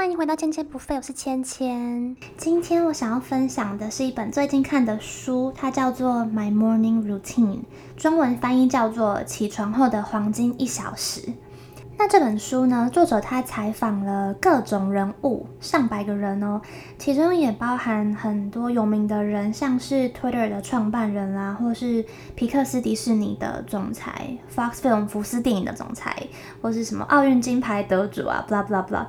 歡迎回到千千不廢，我是千千。今天我想要分享的是一本最近看的書，它叫做《My Morning Routine》，中文翻譯叫做《起床後的黃金一小時》。那這本書呢，作者他採訪了各種人物，上百個人哦，其中也包含很多有名的人，像是 Twitter 的創辦人啦，或是皮克斯迪士尼的總裁，Fox Film 福斯電影的總裁，或是什麼奧運金牌得主啊，blah blah blah。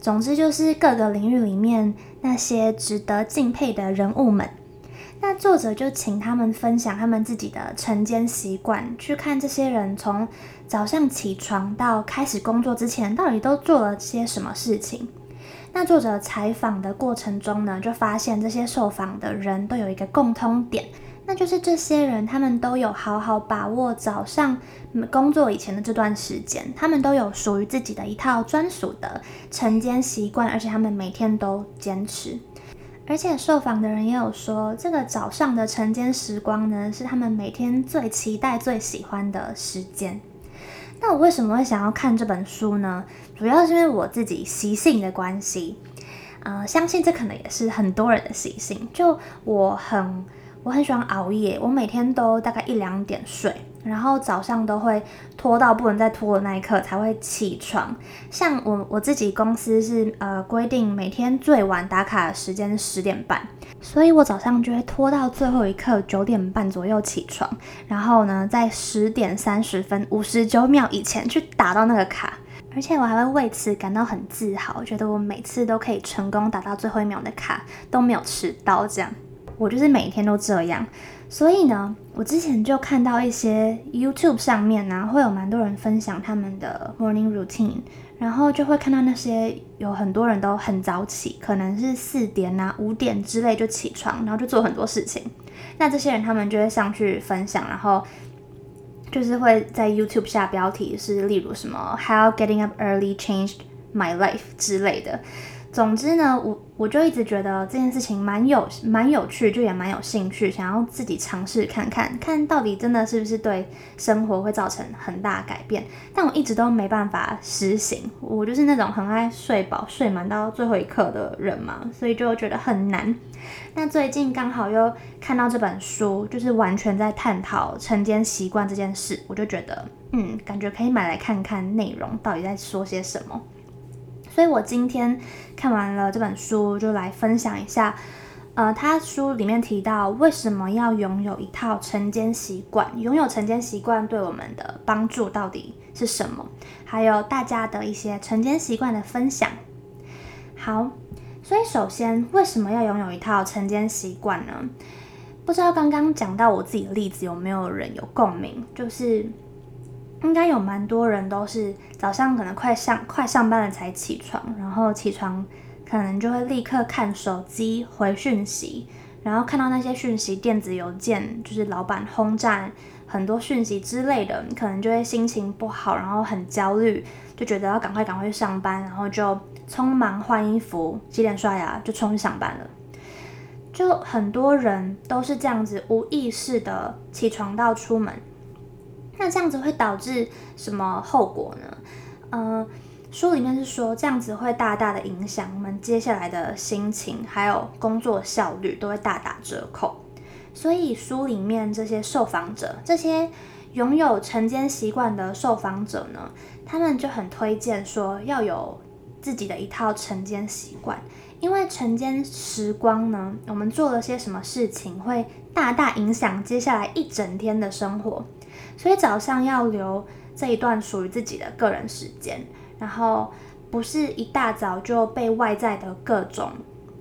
總之就是各個領域裡面那些值得敬佩的人物們，那作者就請他們分享他們自己的晨間習慣，去看這些人從早上起床到開始工作之前到底都做了些什麼事情。那作者採訪的過程中呢，就發現這些受訪的人都有一個共通點。那就是這些人，他們都有好好把握早上工作以前的這段時間，他們都有屬於自己的一套專屬的晨間習慣，而且他們每天都堅持。而且受訪的人也有說，這個早上的晨間時光呢，是他們每天最期待、最喜歡的時間。那我為什麼會想要看這本書呢？主要是因為我自己習性的關係，呃，相信這可能也是很多人的習性。就我很。我很喜歡熬夜，我每天都大概一兩點睡，然後早上都會拖到不能再拖的那一刻才會起床。像我我自己公司是呃規定每天最晚打卡的時間是十點半，所以我早上就會拖到最後一刻九點半左右起床，然後呢在十點三十分五十九秒以前去打到那個卡，而且我還會為此感到很自豪，覺得我每次都可以成功打到最後一秒的卡，都沒有遲到這樣。我就是每天都這樣，所以呢，我之前就看到一些 YouTube 上面呢、啊，會有蠻多人分享他們的 morning routine，然後就會看到那些有很多人都很早起，可能是四點啊，五點之類就起床，然後就做很多事情。那這些人他們就會上去分享，然後就是會在 YouTube 下標題是例如什麼 How Getting Up Early Changed My Life 之類的。總之呢，我我就一直覺得這件事情蠻有蠻有趣，就也蠻有興趣，想要自己嘗試看看，看到底真的是不是對生活會造成很大改變。但我一直都沒辦法實行，我就是那種很愛睡飽、睡滿到最後一刻的人嘛，所以就覺得很難。那最近剛好又看到這本書，就是完全在探討晨間習慣這件事，我就覺得，嗯，感覺可以買來看看內容到底在說些什麼。所以我今天看完了這本書，就來分享一下，呃，他書裡面提到為什麼要擁有一套晨間習慣，擁有晨間習慣對我們的幫助到底是什麼，還有大家的一些晨間習慣的分享。好，所以首先為什麼要擁有一套晨間習慣呢？不知道剛剛講到我自己的例子有沒有人有共鳴，就是。應該有蠻多人都是早上可能快上快上班了才起床，然後起床可能就會立刻看手機回訊息，然後看到那些訊息、電子郵件，就是老闆轟炸很多訊息之類的，你可能就會心情不好，然後很焦慮，就覺得要趕快趕快去上班，然後就匆忙換衣服、洗臉、刷牙，就衝去上班了。就很多人都是這樣子無意識的起床到出門。那這樣子會導致什麼後果呢？嗯、呃，書裡面是說，這樣子會大大的影響我們接下來的心情，還有工作效率都會大打折扣。所以書裡面這些受訪者，這些擁有晨間習慣的受訪者呢，他們就很推薦說要有自己的一套晨間習慣，因為晨間時光呢，我們做了些什麼事情，會大大影響接下來一整天的生活。所以早上要留這一段屬於自己的個人時間，然後不是一大早就被外在的各種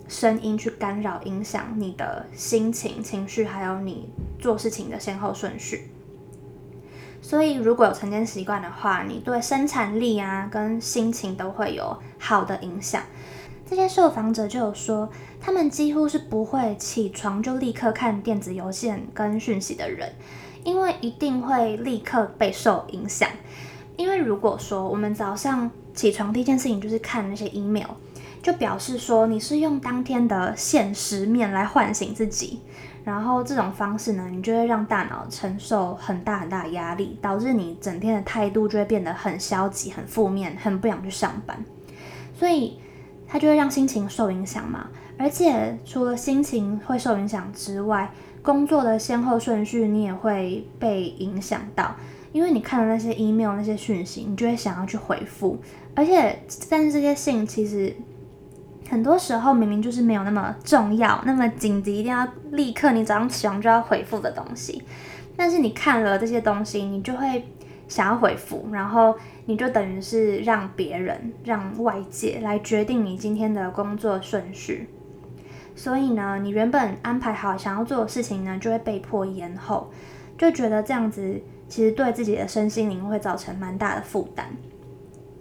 聲音去干擾、影響你的心情、情緒，還有你做事情的先後順序。所以如果有晨間習慣的話，你對生產力啊跟心情都會有好的影響。這些受訪者就有說，他們幾乎是不會起床就立刻看電子郵件跟訊息的人。因為一定會立刻被受影響，因為如果說我們早上起床第一件事情就是看那些 email，就表示說你是用當天的現實面來喚醒自己，然後這種方式呢，你就會讓大腦承受很大很大的壓力，導致你整天的態度就會變得很消極、很負面、很不想去上班，所以它就會讓心情受影響嘛。而且除了心情會受影響之外，工作的先後順序，你也會被影響到，因為你看了那些 email，那些訊息，你就會想要去回復。而且，但是這些信其實很多時候明明就是沒有那麼重要、那麼緊急，一定要立刻你早上起床就要回復的東西。但是你看了這些東西，你就會想要回復，然後你就等於是讓別人、讓外界來決定你今天的工作順序。所以呢，你原本安排好想要做的事情呢，就會被迫延後，就覺得這樣子其實對自己的身心靈會造成蠻大的負擔。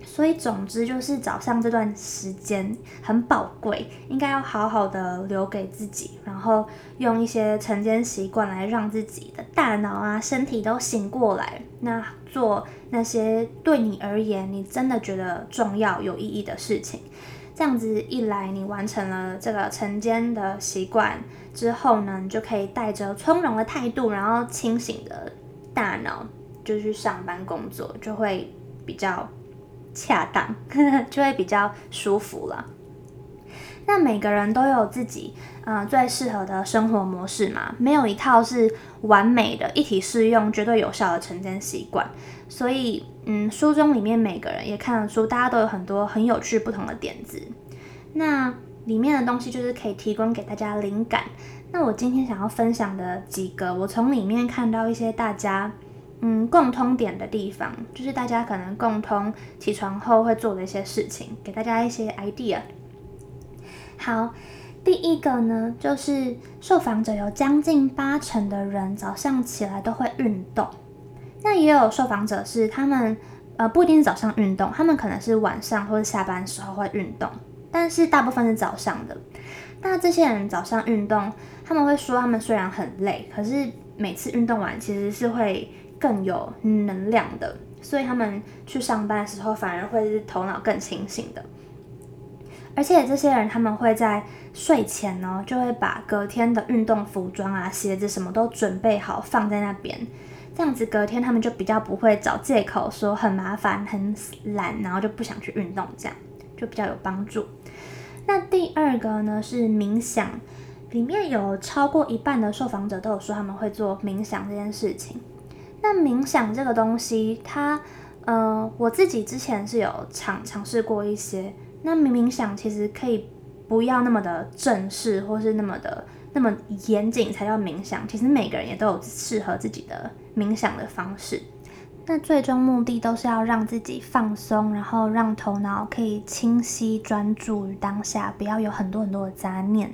所以總之就是，早上這段時間很寶貴，應該要好好的留給自己，然後用一些晨間習慣來讓自己的大腦啊、身體都醒過來，那做那些對你而言你真的覺得重要、有意義的事情。這樣子一來，你完成了這個晨間的習慣之後呢，你就可以帶着從容的態度，然後清醒的大腦就去上班工作，就會比較恰當， 就會比較舒服了。那每個人都有自己，呃，最適合的生活模式嘛，沒有一套是完美的，一體適用、絕對有效的晨間習慣。所以，嗯，書中裡面每個人也看得出，大家都有很多很有趣不同的點子。那裡面的東西就是可以提供給大家靈感。那我今天想要分享的幾個，我從裡面看到一些大家，嗯，共通點的地方，就是大家可能共通起床後會做的一些事情，給大家一些 idea。好，第一個呢，就是受訪者有將近八成的人早上起來都會運動。那也有受訪者是他們，呃，不一定是早上運動，他們可能是晚上或者下班的時候會運動，但是大部分是早上的。那這些人早上運動，他們會說他們雖然很累，可是每次運動完其實是會更有能量的，所以他們去上班的時候反而會是頭腦更清醒的。而且這些人他們會在睡前呢，就會把隔天的運動服裝啊、鞋子什麼都準備好放在那邊。這樣子隔天他們就比較不會找借口說很麻煩，很懶，然後就不想去運動，這樣就比較有幫助。那第二個呢是冥想，裡面有超過一半的受訪者都有說他們會做冥想這件事情。那冥想這個東西，它呃我自己之前是有嘗嘗試過一些。那冥冥想其實可以不要那麼的正式或是那麼的。那麼嚴謹才叫冥想。其實每個人也都有適合自己的冥想的方式，那最終目的都是要讓自己放鬆，然後讓頭腦可以清晰專注於當下，不要有很多很多的雜念。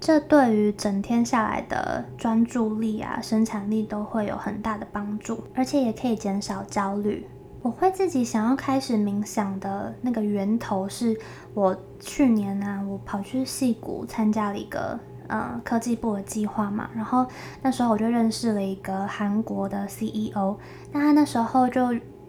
這對於整天下來的專注力啊、生產力都會有很大的幫助，而且也可以減少焦慮。我會自己想要開始冥想的那個源頭是，是我去年啊，我跑去溪谷參加了一個。呃，科技部的計劃嘛，然後那時候我就認識了一個韓國的 CEO，那他那時候就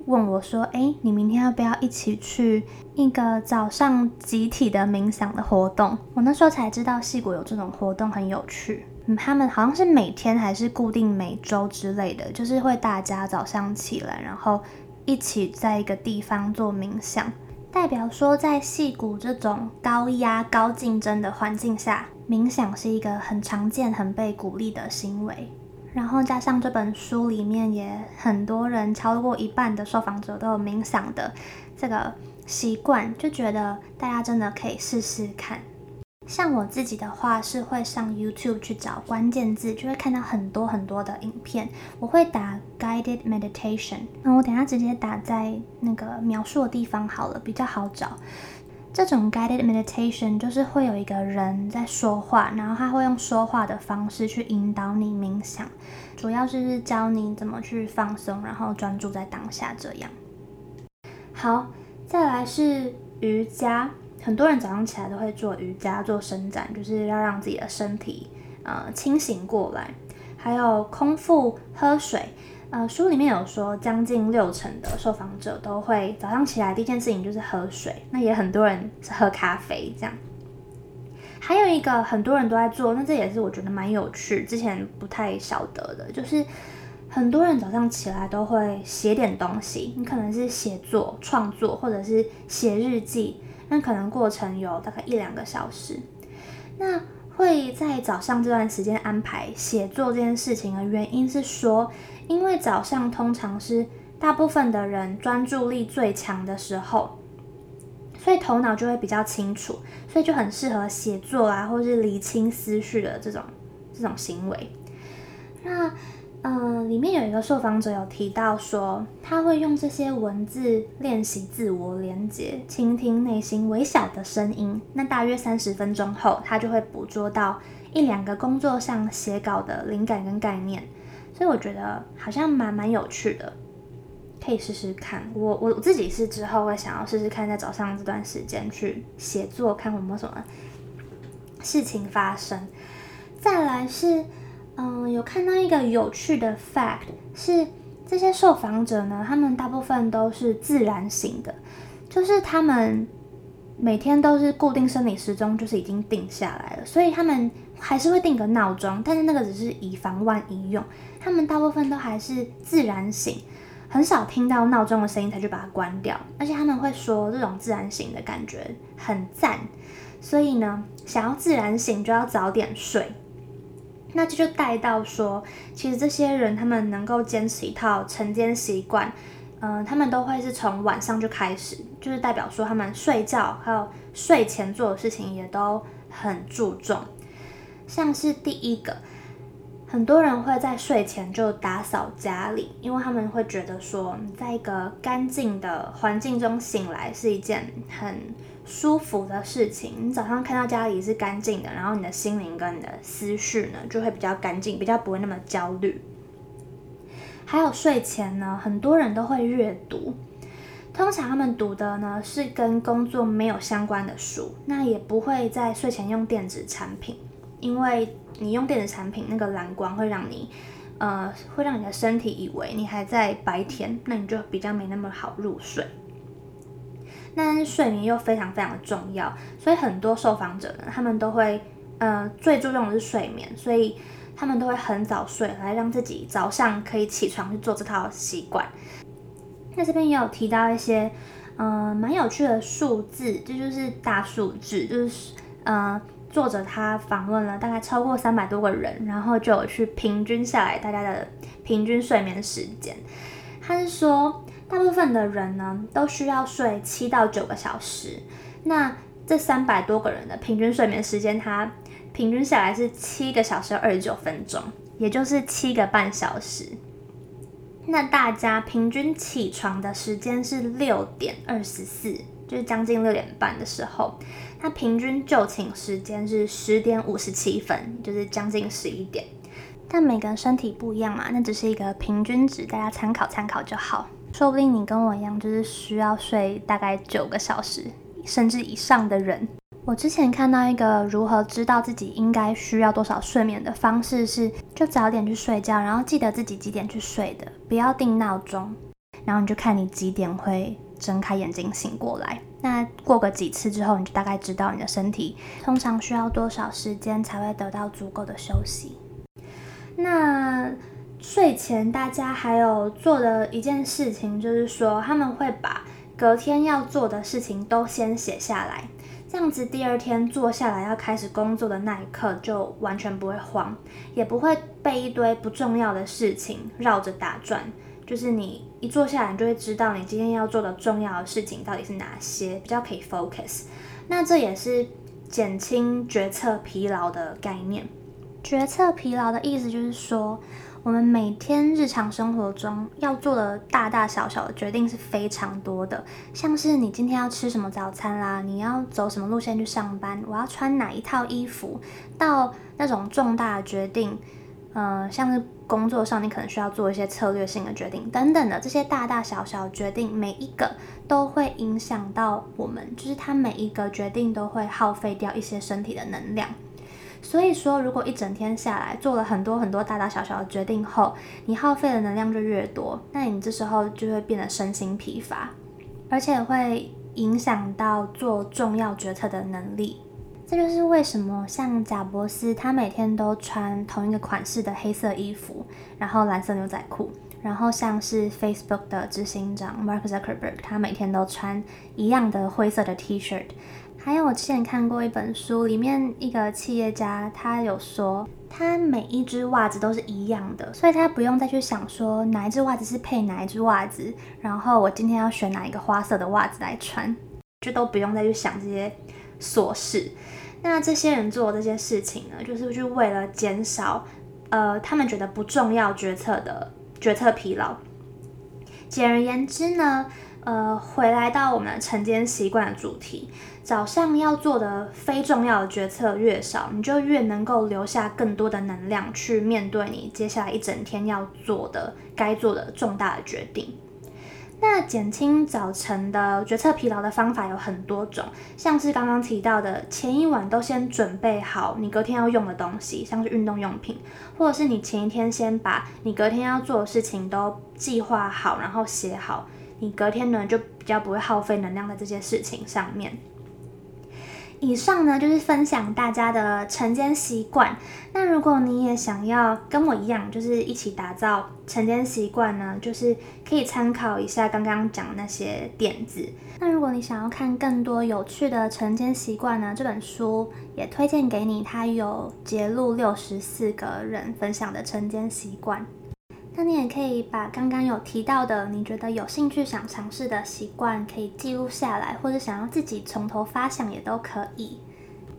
問我說：“誒，你明天要不要一起去一個早上集體的冥想的活動？”我那時候才知道，矽谷有這種活動，很有趣。嗯，他們好像是每天還是固定每周之類的，就是會大家早上起來，然後一起在一個地方做冥想，代表說在矽谷這種高壓、高競爭的環境下。冥想是一個很常見、很被鼓勵的行為，然後加上這本書裡面也很多人，超過一半的受訪者都有冥想的這個習慣，就覺得大家真的可以試試看。像我自己的話，是會上 YouTube 去找關鍵字，就會看到很多很多的影片。我會打 guided meditation，嗯，我等一下直接打在那個描述的地方好了，比較好找。這種 guided meditation 就是會有一個人在說話，然後他會用說話的方式去引導你冥想，主要是教你怎麼去放鬆，然後專注在當下。這樣好，再來是瑜伽，很多人早上起來都會做瑜伽做伸展，就是要讓自己的身體呃清醒過來，還有空腹喝水。呃，書裡面有說，將近六成的受訪者都會早上起來第一件事情就是喝水，那也很多人是喝咖啡這樣。還有一個很多人都在做，那這也是我覺得蠻有趣，之前不太曉得的，就是很多人早上起來都會寫點東西，你可能是寫作、創作或者是寫日記，那可能過程有大概一兩個小時。那會在早上這段時間安排寫作這件事情的原因是說，因為早上通常是大部分的人專注力最強的時候，所以頭腦就會比較清楚，所以就很適合寫作啊，或是理清思緒的這種這種行為。那嗯、呃，裡面有一個受訪者有提到說，他會用這些文字練習自我連接，傾聽內心微小的聲音。那大約三十分鐘後，他就會捕捉到一兩個工作上寫稿的靈感跟概念。所以我覺得好像蠻蠻有趣的，可以試試看。我我自己是之後會想要試試看，在早上這段時間去寫作，看有沒有什麼事情發生。再來是，嗯、呃，有看到一個有趣的 fact 是，這些受訪者呢，他們大部分都是自然型的，就是他們每天都是固定生理時鐘，就是已經定下來了，所以他們還是會定個鬧鐘，但是那個只是以防萬一用。他們大部分都還是自然醒，很少聽到鬧鐘的聲音才去把它關掉，而且他們會說這種自然醒的感覺很讚。所以呢，想要自然醒就要早點睡。那這就帶到說，其實這些人他們能夠堅持一套晨間習慣，嗯、呃，他們都會是從晚上就開始，就是代表說他們睡覺還有睡前做的事情也都很注重，像是第一個。很多人會在睡前就打掃家裡，因為他們會覺得說，在一個乾淨的環境中醒來是一件很舒服的事情。你早上看到家裡是乾淨的，然後你的心靈跟你的思緒呢，就會比較乾淨，比較不會那麼焦慮。還有睡前呢，很多人都會閱讀，通常他們讀的呢是跟工作沒有相關的書，那也不會在睡前用電子產品。因為你用電子產品，那個藍光會讓你，呃，會讓你的身體以為你還在白天，那你就比較沒那麼好入睡。那睡眠又非常非常的重要，所以很多受訪者呢，他們都會，呃，最注重的是睡眠，所以他們都會很早睡，來讓自己早上可以起床去做這套習慣。那這邊也有提到一些，呃，蠻有趣的數字，這就，就是大數字，就是，呃。作者他訪問了大概超過三百多個人，然後就有去平均下來大家的平均睡眠時間。他是說，大部分的人呢都需要睡七到九個小時。那這三百多個人的平均睡眠時間，他平均下來是七個小時二十九分鐘，也就是七個半小時。那大家平均起床的時間是六點二十四，就是將近六點半的時候。那平均就寢時間是十點五十七分，就是將近十一點。但每個人身體不一樣嘛，那只是一個平均值，大家參考參考就好。說不定你跟我一樣，就是需要睡大概九個小時甚至以上的人。我之前看到一個如何知道自己應該需要多少睡眠的方式是，就早點去睡覺，然後記得自己幾點去睡的，不要定鬧鐘，然後你就看你幾點會睜開眼睛醒過來。那過個幾次之後，你就大概知道你的身體通常需要多少時間才會得到足夠的休息。那睡前大家還有做的一件事情，就是說他們會把隔天要做的事情都先寫下來，這樣子第二天坐下來要開始工作的那一刻，就完全不會慌，也不會被一堆不重要的事情繞着打轉。就是你一坐下來，你就會知道你今天要做的重要的事情到底是哪些，比較可以 focus。那這也是減輕決策疲勞的概念。決策疲勞的意思就是說，我們每天日常生活中要做的大大小小的決定是非常多的，像是你今天要吃什麼早餐啦，你要走什麼路線去上班，我要穿哪一套衣服，到那種重大的決定，嗯、呃，像是工作上，你可能需要做一些策略性的決定等等的，這些大大小小決定，每一個都會影響到我們，就是它每一個決定都會耗費掉一些身體的能量。所以說，如果一整天下來做了很多很多大大小小的決定後，你耗費的能量就越多，那你這時候就會變得身心疲乏，而且會影響到做重要決策的能力。這就是為什麼像賈伯斯，他每天都穿同一個款式的黑色衣服，然後藍色牛仔褲，然後像是 Facebook 的執行長 Mark Zuckerberg，他每天都穿一樣的灰色的 T-shirt。還有我之前看過一本書，裡面一個企業家他有說，他每一隻襪子都是一樣的，所以他不用再去想說哪一隻襪子是配哪一隻襪子，然後我今天要選哪一個花色的襪子來穿，就都不用再去想這些，瑣事，那這些人做這些事情呢，就是就為了減少，呃，他們覺得不重要決策的決策疲勞。簡而言之呢，呃，回來到我們的晨間習慣的主題，早上要做的非重要的決策越少，你就越能夠留下更多的能量去面對你接下來一整天要做的該做的重大的決定。那減輕早晨的決策疲勞的方法有很多種，像是剛剛提到的，前一晚都先準備好你隔天要用的東西，像是運動用品，或者是你前一天先把你隔天要做的事情都計劃好，然後寫好，你隔天呢就比較不會耗費能量在這些事情上面。以上呢就是分享大家的晨間習慣。那如果你也想要跟我一樣，就是一起打造晨間習慣呢，就是可以參考一下剛剛講那些點子。那如果你想要看更多有趣的晨間習慣呢，這本書也推薦給你，它有節錄六十四個人分享的晨間習慣。那你也可以把剛剛有提到的，你覺得有興趣想嘗試的習慣，可以記錄下來，或者想要自己從頭發想也都可以。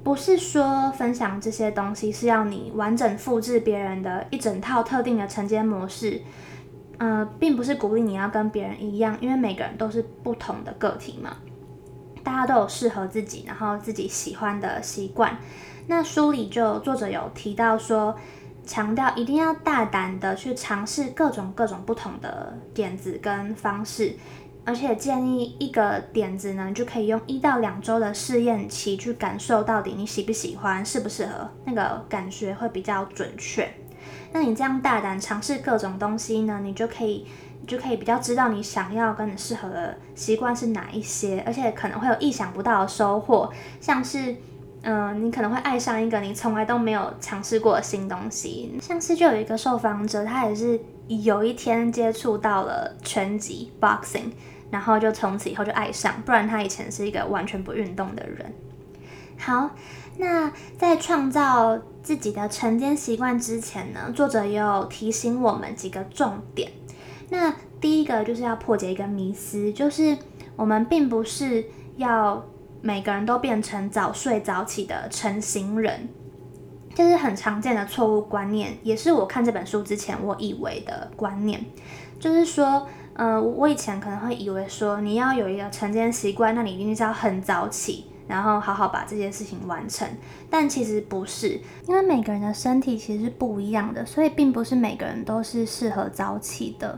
不是說分享這些東西是要你完整複製別人的一整套特定的晨間模式，呃，並不是鼓勵你要跟別人一樣，因為每個人都是不同的個體嘛。大家都有適合自己然後自己喜歡的習慣。那書裡就作者有提到說。強調一定要大膽的去嘗試各種各種不同的點子跟方式，而且建議一個點子呢，你就可以用一到兩周的試驗期去感受到底你喜不喜歡、適不適合，那個感覺會比較準確。那你這樣大膽嘗試各種東西呢，你就可以你就可以比較知道你想要跟你適合的習慣是哪一些，而且可能會有意想不到的收穫，像是。嗯、呃，你可能會愛上一個你從來都沒有嘗試過的新東西，像是就有一個受訪者，他也是有一天接觸到了拳擊 boxing，然後就從此以後就愛上，不然他以前是一個完全不運動的人。好，那在創造自己的晨間習慣之前呢，作者也有提醒我們幾個重點。那第一個就是要破解一個迷思，就是我們並不是要。每個人都變成早睡早起的晨型人，這是很常見的錯誤觀念，也是我看這本書之前我以為的觀念。就是說，嗯、呃，我以前可能會以為說，你要有一個晨間習慣，那你一定是要很早起，然後好好把這件事情完成。但其實不是，因為每個人的身體其實是不一樣的，所以並不是每個人都是適合早起的。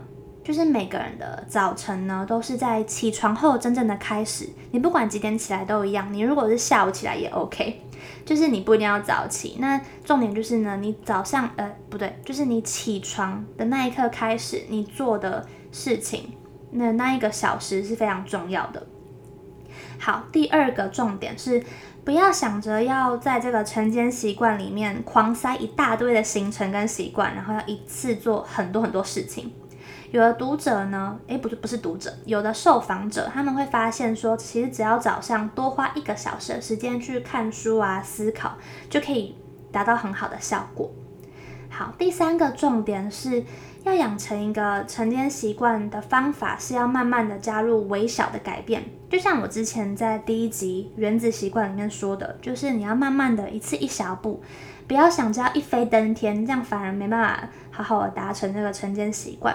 就是每個人的早晨呢，都是在起床後真正的開始。你不管幾點起來都一樣，你如果是下午起來也 OK，就是你不一定要早起。那重點就是呢，你早上呃不對，就是你起床的那一刻開始，你做的事情，那那一個小時是非常重要的。好，第二個重點是，不要想着要在這個晨間習慣裡面狂塞一大堆的行程跟習慣，然後要一次做很多很多事情。有的讀者呢，誒，不是不是讀者，有的受訪者他們會發現說，其實只要早上多花一個小時的時間去看書啊、思考就可以達到很好的效果。好，第三個重點是要養成一個晨間習慣的方法，是要慢慢的加入微小的改變。就像我之前在第一集《原子習慣》裡面說的，就是你要慢慢的一次一小步，不要想着要一飛登天，這樣反而沒辦法好好的達成這個晨間習慣。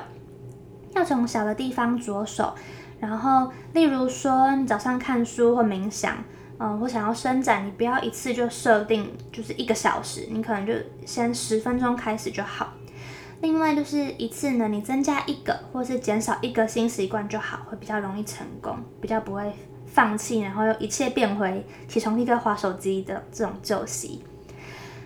要從小的地方着手，然後，例如說，你早上看書或冥想，嗯、呃，或想要伸展，你不要一次就設定就是一個小時，你可能就先十分鐘開始就好。另外就是一次呢，你增加一個或是減少一個新習慣就好，會比較容易成功，比較不會放棄，然後又一切變回起床立刻滑手機的這種舊習。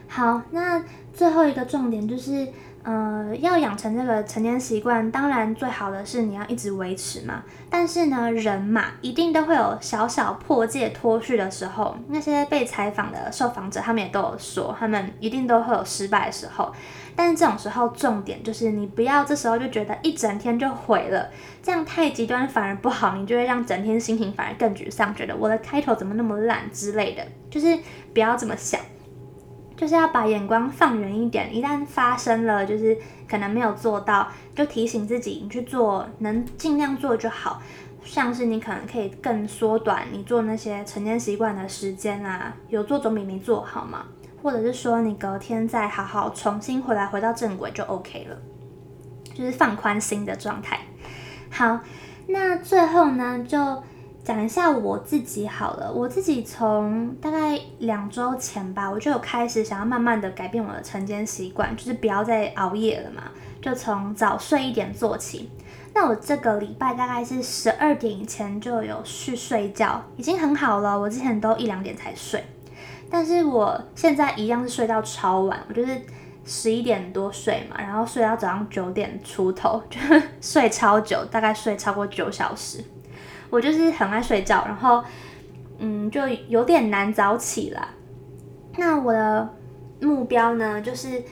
好，那最後一個重點就是。呃，要養成這個晨間習慣，當然最好的是你要一直維持嘛。但是呢，人嘛，一定都會有小小破戒脫序的時候。那些被採訪的受訪者，他們也都有說，他們一定都會有失敗的時候。但是這種時候，重點就是你不要這時候就覺得一整天就毀了，這樣太極端反而不好，你就會讓整天心情反而更沮喪，覺得我的開頭怎麼那麼爛之類的，就是不要這麼想。就是要把眼光放遠一點，一旦發生了，就是可能沒有做到，就提醒自己你去做，能盡量做就好。像是你可能可以更縮短你做那些晨間習慣的時間啊，有做總比沒做好嘛。或者是說你隔天再好好重新回來回到正軌就 OK 了，就是放寬心的狀態。好，那最後呢就。講一下我自己好了，我自己從大概兩周前吧，我就有開始想要慢慢的改變我的晨間習慣，就是不要再熬夜了嘛，就從早睡一點做起。那我這個禮拜大概是十二點以前就有去睡覺，已經很好了。我之前都一兩點才睡，但是我現在一樣是睡到超晚，我就是十一點多睡嘛，然後睡到早上九點出頭，就呵呵，睡超久，大概睡超過九小時。我就是很愛睡覺，然後，嗯，就有點難早起啦。那我的目標呢，就是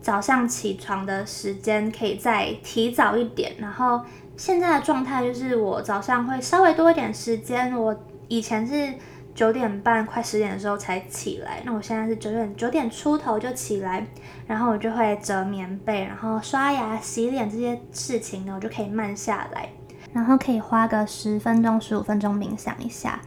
早上起床的時間可以再提早一點。然後現在的狀態就是，我早上會稍微多一點時間。我以前是九點半快十點的時候才起來，那我現在是九點九點出頭就起來，然後我就會折棉被，然後刷牙、洗臉這些事情呢，我就可以慢下來。然後可以花個十分鐘、十五分鐘冥想一下，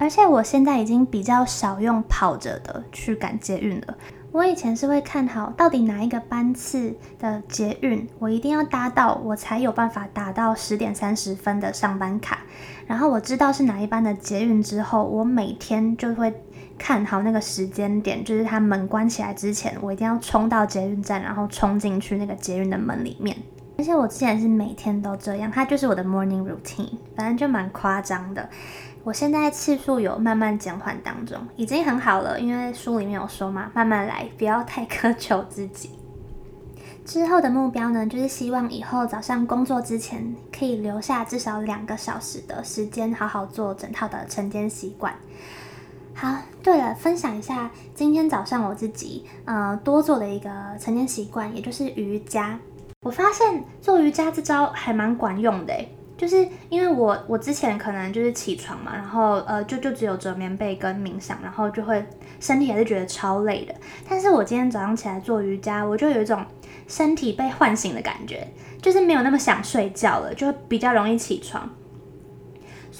而且我現在已經比較少用跑着的去趕捷運了。我以前是會看好到底哪一個班次的捷運，我一定要搭到，我才有辦法打到十點三十分的上班卡。然後我知道是哪一班的捷運之後，我每天就會看好那個時間點，就是它門關起來之前，我一定要衝到捷運站，然後衝進去那個捷運的門裡面。而且我之前是每天都這樣，它就是我的 morning routine，反正就蠻誇張的。我現在次數有慢慢減緩當中，已經很好了。因為書裡面有說嘛，慢慢來，不要太苛求自己。之後的目標呢，就是希望以後早上工作之前可以留下至少兩個小時的時間，好好做整套的晨間習慣。好，對了，分享一下今天早上我自己呃多做的一個晨間習慣，也就是瑜伽。我發現做瑜伽這招還蠻管用的欸，就是因為我我之前可能就是起床嘛，然後呃就就只有折棉被跟冥想，然後就會身體還是覺得超累的。但是我今天早上起來做瑜伽，我就有一種身體被喚醒的感覺，就是沒有那麼想睡覺了，就比較容易起床。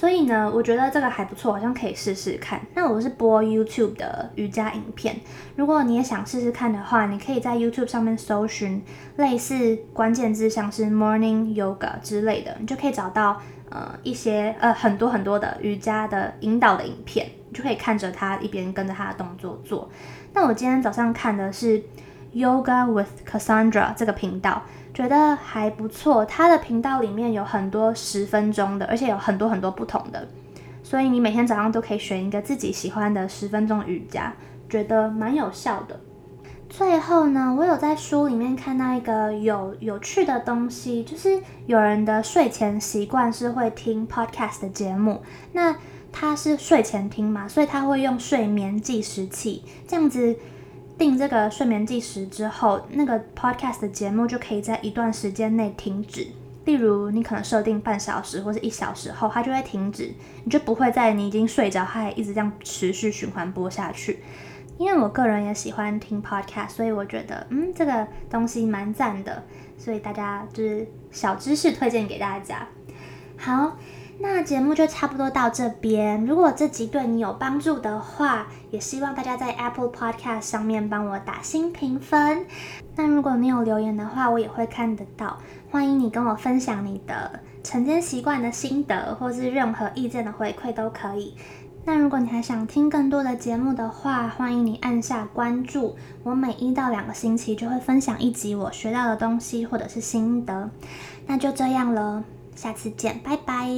所以呢，我覺得這個還不錯，好像可以試試看。那我是播 YouTube 的瑜伽影片，如果你也想試試看的話，你可以在 YouTube 上面搜尋類似關鍵字，像是 “morning yoga” 之類的，你就可以找到呃一些呃很多很多的瑜伽的引導的影片，你就可以看着他一邊跟着他的動作做。那我今天早上看的是。Yoga with Cassandra 這個頻道，覺得還不錯。它的頻道裡面有很多十分鐘的，而且有很多很多不同的，所以你每天早上都可以選一個自己喜歡的十分鐘瑜伽，覺得蠻有效的。最後呢，我有在書裡面看到一個有有趣的東西，就是有人的睡前習慣是會聽 Podcast 的節目，那他是睡前聽嘛，所以他會用睡眠計時器，這樣子。定這個睡眠計時之後，那個 podcast 的節目就可以在一段時間內停止。例如，你可能設定半小時或是一小時後，它就會停止，你就不會在你已經睡着，它還一直這樣持續循環播下去。因為我個人也喜歡聽 podcast，所以我覺得嗯，這個東西蠻讚的，所以大家就是小知識推薦給大家。好。那節目就差不多到這邊。如果這集對你有幫助的話，也希望大家在 Apple Podcast 上面幫我打新評分。那如果你有留言的話，我也會看得到。歡迎你跟我分享你的晨間習慣的心得，或是任何意見的回饋都可以。那如果你還想聽更多的節目的話，歡迎你按下關注。我每一到兩個星期就會分享一集我學到的東西或者是心得。那就這樣了。下次見，拜拜。